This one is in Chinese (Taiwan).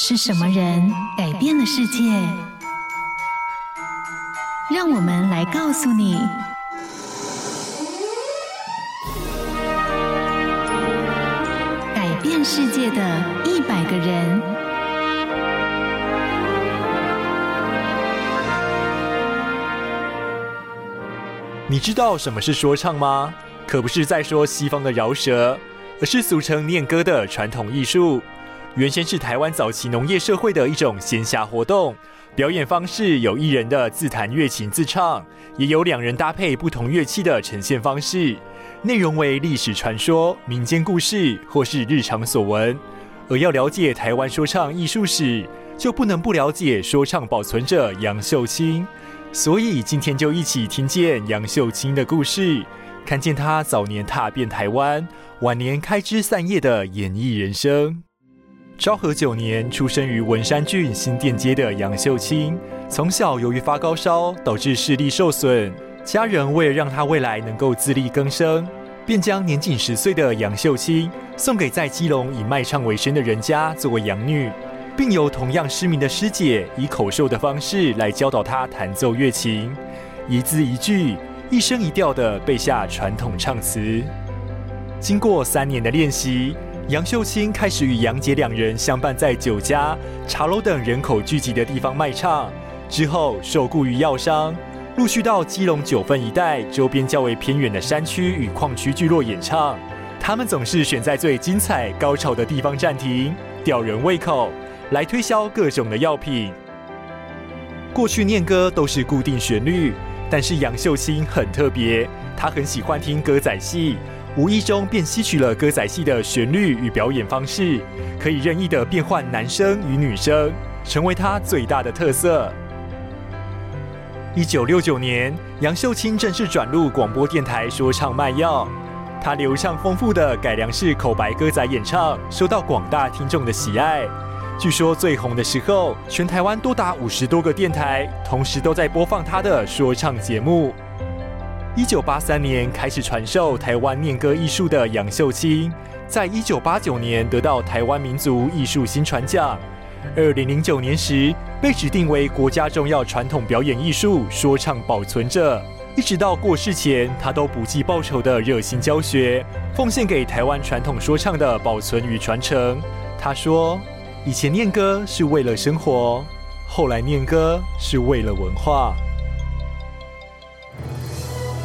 是什麼人改變了世界？讓我們來告訴你：改變世界的一百個人。你知道什麼是說唱嗎？可不是在說西方的饒舌，而是俗稱念歌的傳統藝術。原先是台灣早期農業社會的一種閒暇活動，表演方式有藝人的自彈樂琴自唱，也有兩人搭配不同樂器的呈現方式。內容為歷史傳說、民間故事或是日常所聞。而要了解台灣說唱藝術史，就不能不了解說唱保存者楊秀卿。所以今天就一起聽見楊秀卿的故事，看見他早年踏遍台灣，晚年開枝散葉的演藝人生。昭和九年，出生於文山郡新店街的楊秀卿，從小由於發高燒導致視力受損。家人為了讓她未來能夠自力更生，便將年僅十歲的楊秀卿送給在基隆以賣唱為生的人家作為養女，並由同樣失明的師姐以口授的方式來教導她彈奏月琴，一字一句、一聲一調地背下傳統唱詞。經過三年的練習，楊秀清開始與楊杰兩人相伴在酒家、茶樓等人口聚集的地方賣唱，之後受雇於藥商，陸續到基隆、九份一帶周邊較為偏遠的山區與礦區聚落演唱。他們總是選在最精彩、高潮的地方暫停，吊人胃口，來推銷各種的藥品。過去念歌都是固定旋律，但是楊秀卿很特別，他很喜歡聽歌仔戲。無意中便吸取了歌仔戲的旋律與表演方式，可以任意的變換男聲與女聲成為他最大的特色。一九六九年，楊秀卿正式轉入廣播電台說唱賣藥，他流暢豐富的改良式口白歌仔演唱，受到廣大聽眾的喜愛。據說最紅的時候，全台灣多達五十多個電台同時都在播放他的說唱節目。一九八三年開始傳授台灣念歌藝術的楊秀卿，在一九八九年得到台灣民族藝術薪傳獎，二零零九年時被指定為國家重要傳統表演藝術說唱保存者。一直到過世前，他都不計報酬的熱心教學，奉獻給台灣傳統說唱的保存與傳承。他說：“以前念歌是為了生活，後來念歌是為了文化。”